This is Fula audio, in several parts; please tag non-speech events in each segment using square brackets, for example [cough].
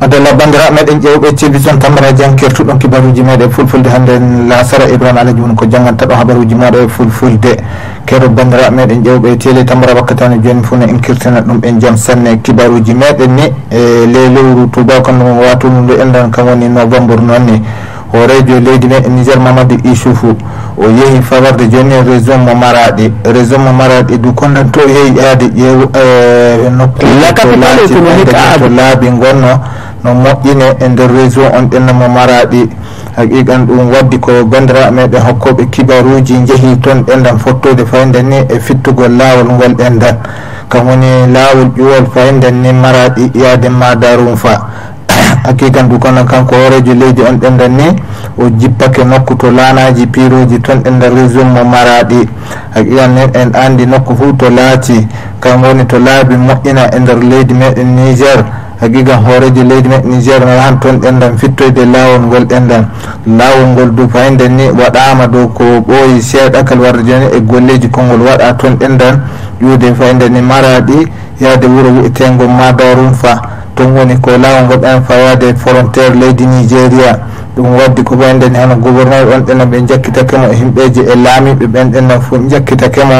adalla bandiraɓe meɗen ƴewɓe télévision tamara jan kertuɗon kibaruji Full fulfulde hannde lasara ibrahima alaji woni ko janganta ɗo habaruji moɗo e fulfulde kero bandira meɗen ƴewɓe télé tamara wakkatani joni fof ne en kirtana ɗum en jaam sanne e kibaruji meɗen ni e le lewru tubakandu watunude endan kam woni novembre noonne o radio leydi meɗen nigér mamadou isufu o yeehi fawarde joni e région mo maraɗe région mo maraɗe du kondanto yeehi aade ƴeew e, nokkulaabi gonno no moƴƴine e nder région on ɓenna mo maraɗe haqiqan ɗum waddi ko bandiraɓe meɗen hokkoɓe kibaruji jeehi toon ɗendan fottode fayiden ni e fittugol laawol ngol ɗendan kam woni laawol ƴuwol fayiden ni maraɗi yaade madarum fa [coughs] hakiqan ɗum kono kanko horejo leydi on ɗendan ni o jippake nokku to laanaji piroji toon ɗendan région mo maraɗi haqiqan ni en andi nokku fuu to laati kam woni to laabi moƴƴina e nder leydi meɗen nigér haqiqa hooreji leydi me niger ngal han toon ɓendan fittoyde laawol ngol ɓendan laawol ngol du fayinden ni waɗama dow ko ɓooyi seeɗa kal warde joni e golleji konngol waɗa toon ɓendan ƴuwde fayinden ni maraɗi yaade wuuro wiyetengo madarum fa toon woni ko laawol ngol ɓen fawade frontiére leydi nigéria ɗum waddi ko ɓenɗen hen gouverneur on ɗenno ɓe jakkitakemo himɓeje e, e laamiɓe ɓen ɗenno fo jakkitakemo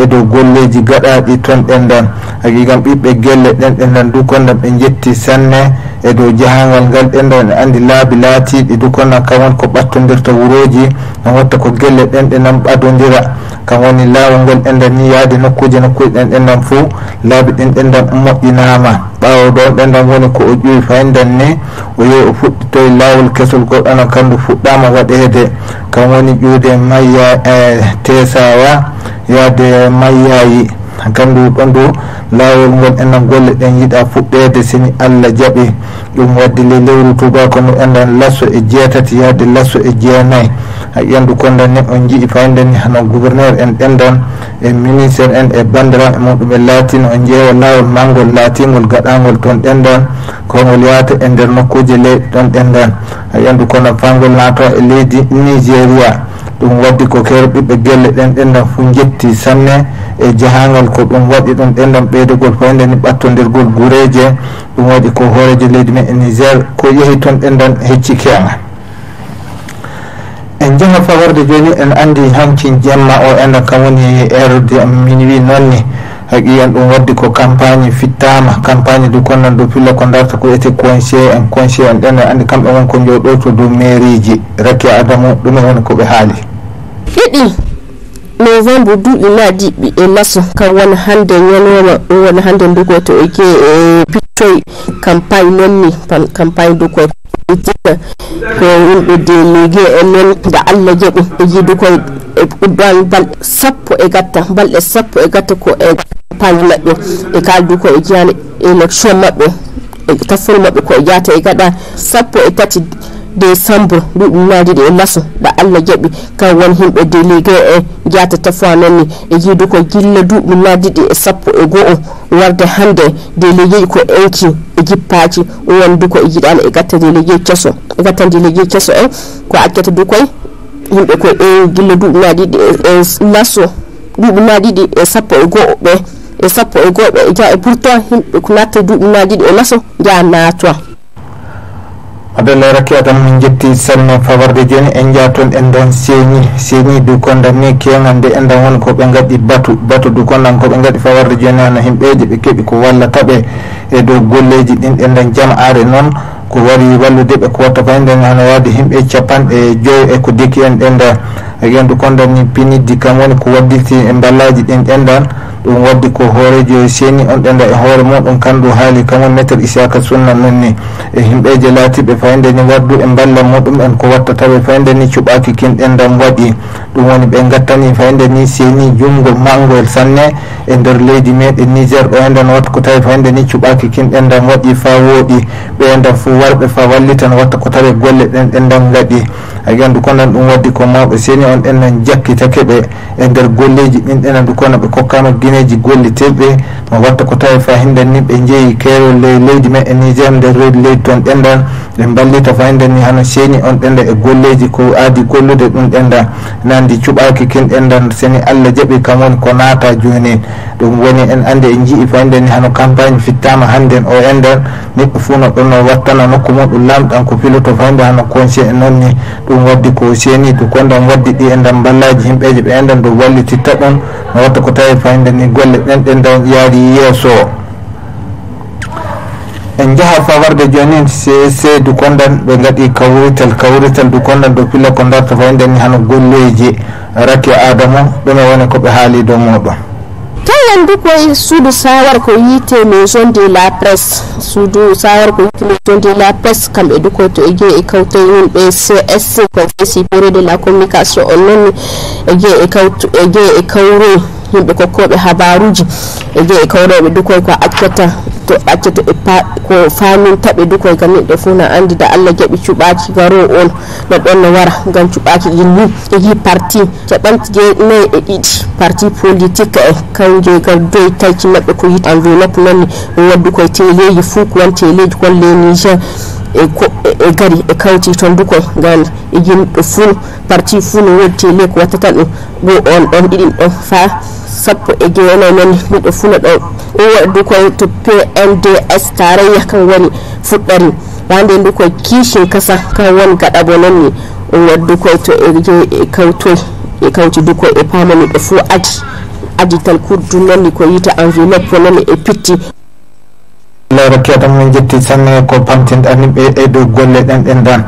e dow golleji gaɗaɗi ton ɗen ɗon haqiqan ɓiɓɓe guelle ɗen ɗen ɗon dukkon ɗon ɓe jetti sanne e dow jahangal ngal ɓenɗa ne andi laabi laatiɗi du kono kamwon ko ɓattodirta wuroji no watta ko gelle ɗenɗe nan ɓadodira kam woni laawol ngol ɗenɗan ni yaade nokkuji nokkuji ɗen ɗenɗan fo laabi ɗen ɗenɗan moƴƴinama ɓawo ɗon ɗenɗan woni ko o ƴuwi fayndan ni o yehi o fuɗɗitoye laawol kesol goɗɗono kandu fuɗɗama waɗede kam woni ƴuwde mayya e eh, tesawa yaade mayyayi tan kandu ɗon ɗo laawol ngol enen golle ɗen yiɗa fuɗɗeede sini allah jaɓi ɗum waddi le lewru tubako no enen lasso e jeetati yaade lasso e jeenayyi a ƴendu kondanni on jii fayde ni hana gouverneur en ɗendan e ministére en e bandiran e muɗum e laatino on jeewa laawol manngol laatingol gaɗangol toon ɗendan konngol yahata e ndeer nokkuji ley ɗon ɗendan a ƴendu kono fangol naato e leydi nigéria ɗum waddi ko kero ɓiɓɓe gelle ɗen ɗendan fo jetti sanne e jahangal ko ɗum waɗi ɗum ɗenɗam ɓeydogol hoynde ni ɓattodirgol gureje ɗum waɗi ko hooreje leydi men e niger ko yehi toon ɗenɗam hecciki'ama en jaha faworde joni en andi hanki jemma o enɗam kam woni erde minuit nonni haqiyan ɗum waddi ko campagne fittama campagne du konnan do pilla ko darta ko wiyete conseil en conseil en ɗen e andi kamɓe won ko jooɗo to dow mairie ji rakki adamu ɗumen woni koɓe haali fiɗi novembre duuɗi naaɗi ɗi e maso kam wona hannde ñanoma ɗum wona hannde dogoyto e gue e, e pittoye campagne nonni campagne dogoy e jiga ko yimɓe de ligue e en noon nde allah jaaɓu e jiidu koye e uddan balɗe sappo e gatta balɗe sappo e gatta ko e campagne maɓɓe e kaldu ko e jiyane élection maɓɓe e tafol maɓɓe koye jaata e gaɗa sappo e tati décembre duuɗi naaɗiɗi e maso nde allah jaaɓi kam won himɓe de ligue en jata tafoa nanni e yiidu ko gilla duuɓi laddiɗi e sappo e goho warde hande deleyeyi ko enki e jippaji wondu ko e yiɗani e gatta deleyeyi ceso e gatta deleyeyi ceso en ko accata du koye yimɓe ko e gilla duuɓi laɗiɗi e lasso duuɓi laɗiɗi e sappo e goho ɓe e sappo e goho ɓe ja e pourtant yimɓe ko natta duuɓi laɗiɗi e lasso jaa naatoa adalay rakia tan min jetti salmi fawarde dieni en jaton en dan seeñi seeñi du gondan ni kewgande endan woni koɓe gaɗi batu batu du gondan koɓe gaɗi fawarde dieni hono himɓeje ɓe keeɓi ko wallataɓe e dow golleji ɗin ɗe dan jama are noon ko wari walludeɓe ko watta fayi den hono wadi himɓe capanɗe joyo e ko deki en ɗenda gendu gondan ni pinidi kam woni ko waddirti e ballaji ɗin ɗendan ɗum waddi ko hoorejo e seni on ɗenda e hoore moɗon kandu haali kamon maître isiaka sunna noon ni e himɓeje laatiɓe fayde ni waddu e balla muɗum en ko wattataɓe fayde ni cuɓaki kin ɗendan waɗi ɗum woni ɓe gattani fayde ni seni junngo mangoel sanne e nder leydi meɗen niger ɗo enden watta ko tawi fayde ni cuɓaki kin ɗendan waɗi fa wooɗi ɓe endan fo warɓe fa wallitan watta ko tawi golle ɗen ɗendan gaɗi ay gandu konan ɗum waddi ko mawɓe seni on ɗennen jakkitake ɓe e nder golleji ɗin ɗenandu kono ɓe kokkama guineji golle terɓe no watta ko tawi fayhinden ni ɓe jeeyi keerol le leydi me e niger nder reydi leydi toon ɗenda ɓe mballita fayhinden ni hana seni on ɗenda e golleji ko aadi gollude ɗum ɗenda nandi cuɓaki kin ɗendan seni allah jaɓi kam woni ko naata joni ɗum woni en andi e jii fayhinden ni hano campagne fittama hannden o enden neɓɓe fuu no ɗon no wattana nokku muɗum lamɗan ko piloto fayhinde hano conseil e noon ni ɗu ɗum waddi ko seni to gonɗon waddi ɗi enɗan ballaji yimɓeje ɓe enɗan ɗo wallititta ɗon no watta ko tawi fayde ni golle ɓen ɗen ɗan yaari yesso en jaaha fawarde joni seedu gonɗan ɓe gaɗi kawrital kawrital du gonɗan ɗo pilla ko darta fayde ni hano golleji rakki adama ɗume woni koɓe haali dow muɗum enen du koye suudu sawara ko yiite maison de la presse suudu sawara ko yiite maison de la presse kamɓe du koto e jee e kawta wonɓe cs provinci bureau de la communication o nonni e jee e kawto e jee e kawro yimɓe kokkoɓe habaruji e jee e kawroɓe du koye ko accata to accata e ko famintaɓe du koye gam yimɓe fof na andida allah jaaɓi cuɓaki garo on no ɗon no wara gam cuɓaki ɗin ni e ji parti caɓanti jeenayyi e ɗiɗi parti politique eh, kanje gardo taki maɓɓe ko yit enveloppe noon waddu ko teleji fuu won teleji e golle e niger e, e gari e kawti du ko gal e do fu parti fu no wodi tele ko wattata do go on ɗon ɗiɗin do fa sappo e jeenayi noon ɗiɗo fuu no do o waɗdu ko to pnds tarayya kan woni fuɗɗari wande du ko kishin kasa kan won gada bo noon ni o waddu ko to e kawtoye e kawti du koye e pamani ɓe fo adi adi tal kurdu nanni ko yita enveloppe nani e pitti laro keɗam min jetti sanne ko pamtinde aniɓe e ɗo golle ɗen ɗen dan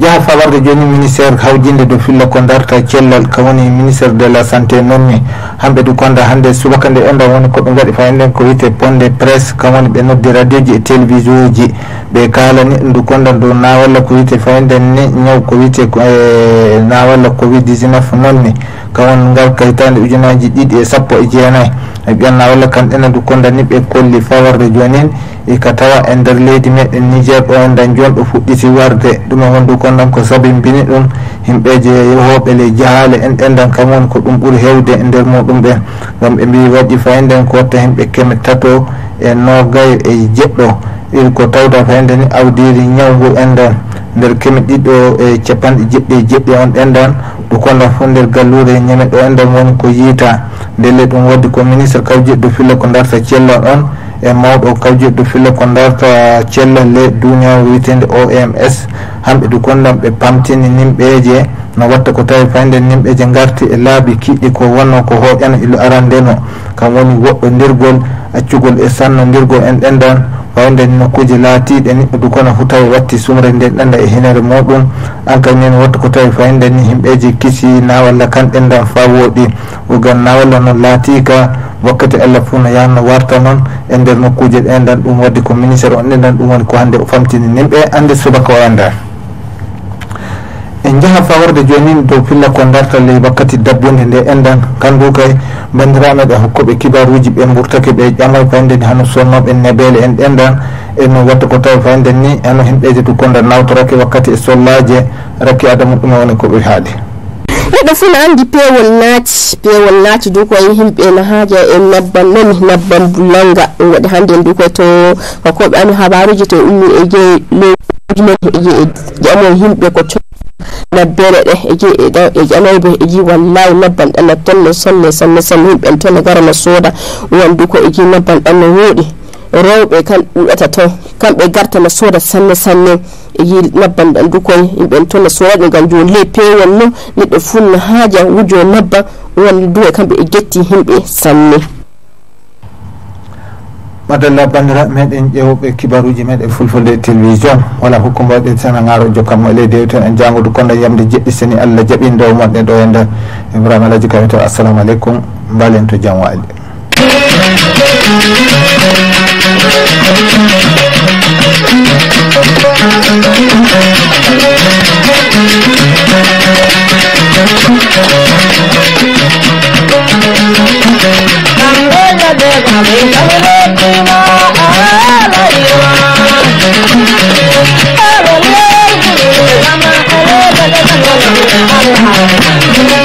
jaha fawarde joni ministére hawjinde ɗo filla ko darta cellal ka woni ministére de la santé nonni hamɓe ɗo konda hande subaka nde enda woni koɓe gaɗi fayiden ko wiyte ponde presse ka woni ɓe noddi radio ji e télévision ji ɓe kalani ndu konda ndu nawalla ko wiyte fayiden ni ñaw ko wiyte e nawalla covid 19 nonni kawon ngal kayitade ujunaji ɗiɗi e sappo e jeenayi e ɓiyanna walla kamɗenadu kondaniɓe kolli fawarde jonin e ka tawa e nder leydi meɗen nigér ɗo en dañ jon ɗo fuɗɗiti warde ɗum e wondu kondam ko sabimbini ɗum himɓeje yehoɓele jahaale en ɗendan kamon ko ɗum ɓuuri hewde e nder muɗum ɓen gam ɓe mbi waɗi fayinden ko watta himɓe keme tato e nogay e jeɗɗo ko tawda ko hende ni awdiri ñawgu enden nder kemi ɗiɗo e capanɗe jeɗɗi jeɗɗi on enden ɗo konda fo nder gallure ñame ɗo enden woni ko yiita ndele ɗum waddi ko ministre kawjeɗɗo filla ko darta cella on e mawɗo kawjeɗɗo filla ko darta cella le duña witende oms hamɓe ɗo kondam ɓe pamtini nimɓeje no watta ko tawi fayde nimɓeje garti e laabi kiɗɗi ko wonno ko hoƴana ilo e arandeno kam woni woɗɗo ndirgol accugol e sannodirgol en ɗendan wawde nokkuji laatiɗe niɗɗo dukona fo tawi watti sumre nden ɗanda e henere muɗum ankan nen watta ko tawi fayinde ni himɓeji kisi na walla kanɗen dan fa wooɗi ogan na walla noon laatika wakkati allah fof no yahanno warta noon e nder nokkuji ɗe dan ɗum waddi ko ministére on ɗe dan ɗum woni ko hande o famtini nimɓe ande subaka o anda en jaaha fawarde joni dow filla ko darta ley wakkati dabbunde nde endan gandu kay bandirano ɓe hokkoɓe kibaruji ɓe gurtake ɓe ƴamal fayde ni hano sonnoɓe neɓele en ɗendan eno watta ko tawa fayden ni hano himɓeje to konda nawtorake wakkati e sollaje rakki adama ɗume woni koɓe haali ɓeɗo fula andi pewol naati pewol naati du koye himɓe no haaja e nabban nani nabban bulanga ɗum waɗi hannde du koye to kokoɓe ano habaruji to ummi e jeeyi lowjimen e jeeyi ƴamo e himɓe ko nabbere ɗe e jii ɗeɗo e janay bo e jii e wallahi nabban ɗan nab tonne sonne sanne sanne yimɓen tonne gara ma sooda wandu ko e jii nabban ɗan no wooɗi rewɓe kam ɗuɗata to kamɓe garta ma sooda sanne sanne e yi nabban ɗan du koye yimɓen tonne soodaɓe gam jo le pewol no neɗɗo funno haaja wujo nabba wonduwa kamɓe e getti himɓe sanne madalla bandiraɓe meɗen ƴewɓe kibaruji meɗen fulfolde télévision wala hokkumba waɗe tan a garo jokkamo ele dewten en jangudu konɗo yamde jeɗɗi soni allah jaaɓi dow monɗe ɗo e nder ibrahima alaji kawi to assalamu aleykum mbalen to jam wali Thank you. Thank you.